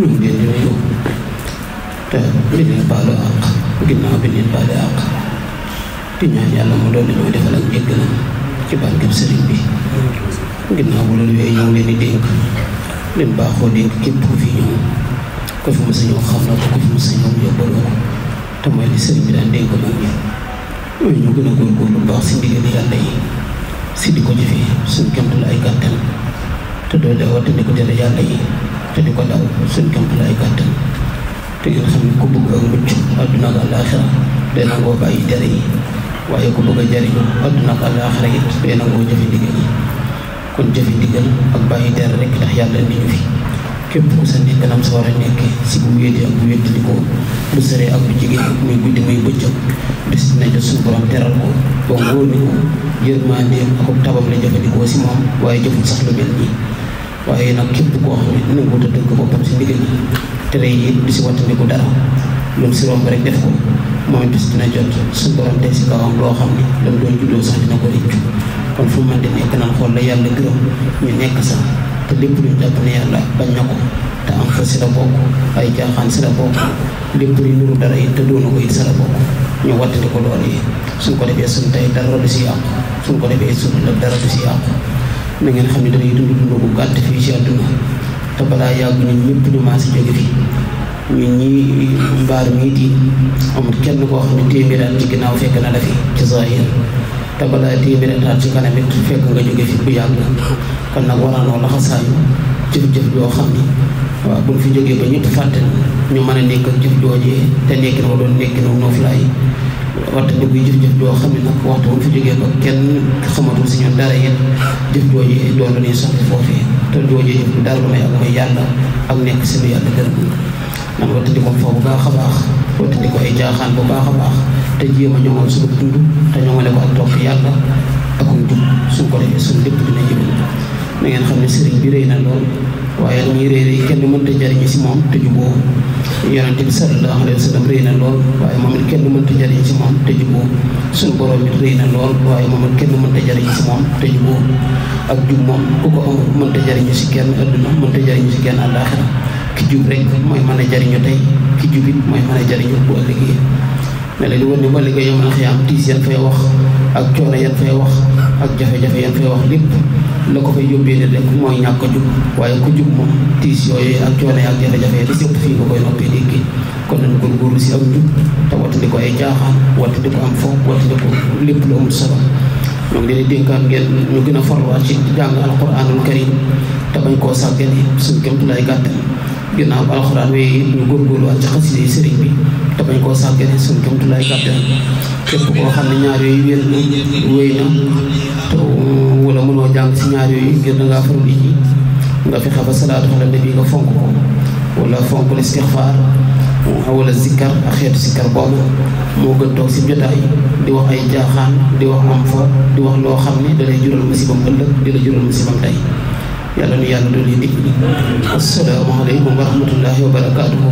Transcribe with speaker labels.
Speaker 1: ñu ngi leen di te di leen baalu àq ginnaaw bi leen baalu àq di yàlla mu doon dañoo defal ak njëggalam ci barkeb sëriñ bi ginnaaw bu loolu yooyu ñoo di dénk leen baaxoo dénk képp ku fi ñëw ko fi mos a ñëw ñu gën a góorgóorlu bu baax si ndigal yàlla yi si di ko jëfee suñ kémtu la ay kàttan te doole wattandi ko tere yàlla yi te ko daw suñ kéem lay kàttan te yow suñ ku bëgg ak mucc àdduna ak àllaaxira day nangoo bàyyi tere yi waaye ku bëgg a jariñu àdduna ak àllaaxira it day nangoo jëfe ndigal kon jëfe ndigal ak bàyyi tere rek tax yàlla indi ñu fi képp ku sa nekk nam sa war a nekk si bu wéetee ak bu wéttandikoo bu sëree ak bu jigéen muy guddi muy bëccëg bis nañ la suñu borom teral ko ba ngóor ni ko yërmandeem ak tabam la jëfandikoo si moom waaye jëful sax lu waaye nag képp koo xam ne nangu te ko boppam si ndigal tere yi du si wattandiku dara loolu si romb rek def ko moom bis dina jot suñu borom teg si loo xam ne la mu doon juddoo sax dina ko kon fu man di nekk naan xool la yàlla gërëm ñu nekk sax te lépp luñ jàpp ne yàlla bañ na ko te am si la bokk ay jaaxaan si la bokk lépp lu nuru dara it te doonu ko it si ñu wattandi ko loolu yi suñ ko defee suñ tey dara du si yàqu suñ ko defee suñ la dara du si yàqu na ngeen xam ne dañuy dund dund bu gàtt fii ci àdduna te balaa yàgg ñun ñëpp ñu maas jóge fi ñun ñii mbaar mii di amul kenn koo xam ne téeméer ci ginnaaw fekk na la fi ci zahir te balaa téeméer at ci kanam it fekk nga jóge fi bu yàgg kon nag war a noo laxasaayu jëf-jëf yoo xam ni waaw buñ fi jógee ba ñëpp fàtte ñu mën a nekk jëf joojee te nekk na doon nekk na noflaay waxta dëgg jëf-jëf joo xam ne nag waxtu woon fi jógee ko kenn xamatul si ñun dara yéen jëf jooju doon nañu soxla foofee te jooju jëf dara lu may ak mooy yàlla ak nekk si lu yàlla gërëm nan waxta a baax ko ay jaaxaan bu baax a baax te jéem a ñoŋal suñu dund te ñoŋale ko ak topp yàlla akum jub suñ ko defee suñ lépp dina jëmal na ngeen xam ne sëriñ bi rey na lool waaye muy réer yi kenn mënta jariñu si moom te juboo yonent bi sallallahu alayhi wa sallam réy na lool waaye moom it kenn mënta jariñu si moom te juboo suñu borom it réy lool waaye moom it kenn mënta jariñu si moom te juboo ak jub moom ku ko amul mënta jariñu si kenn adduna mënta jariñu si kenn àllaaxira ki jub rek mooy mën a jariñu tey ki jubit mooy mën a jariñu bu ëllëgee ne la di wan ne ba liggéey yomal xiyaam tiis yan fay wax ak coono yan fay wax ak jafe-jafe yan fay wax lépp la ko fay yóbbee ne rek mooy ñàkk a jub waaye ku jub moom tiis yooyu ak coono ak jafe-jafe yi di fii nga koy noppee dégg kon nañ góorgóorlu si ak jub te watt di ko ay jaaxaan watt di ko am foog watt di lépp lu amul solo ñoo ngi leen di dénkaan ngeen ñu gën a ci jàng alquranul karim te bañ koo sàggane suñ kémtu lay gàttal ginnaaw alxuraan wee ñu góorgóorluwaat ci xasida yi sëriñ bi te bañ koo sàggane suñ kémtu lay gàttal képp xam ne ñaar yooyu wér na wéy na koo jàng ci ñaar yooyu ngir da ngaa farul iji nga fexe ba salaatu ala nabi nga fonk ko wala fonk istixfaar wala zikkar ak xeetu zikkar boobu moo gën toog ci jotaay di wax ay jaaxaan di wax am fa di wax loo xam ne dalay jural musibam ëllëg di la jural musibam tey yàlla nu yàlla doon yi dimbali asalaamaaleykum wa rahmatullahi wa barakaatuhu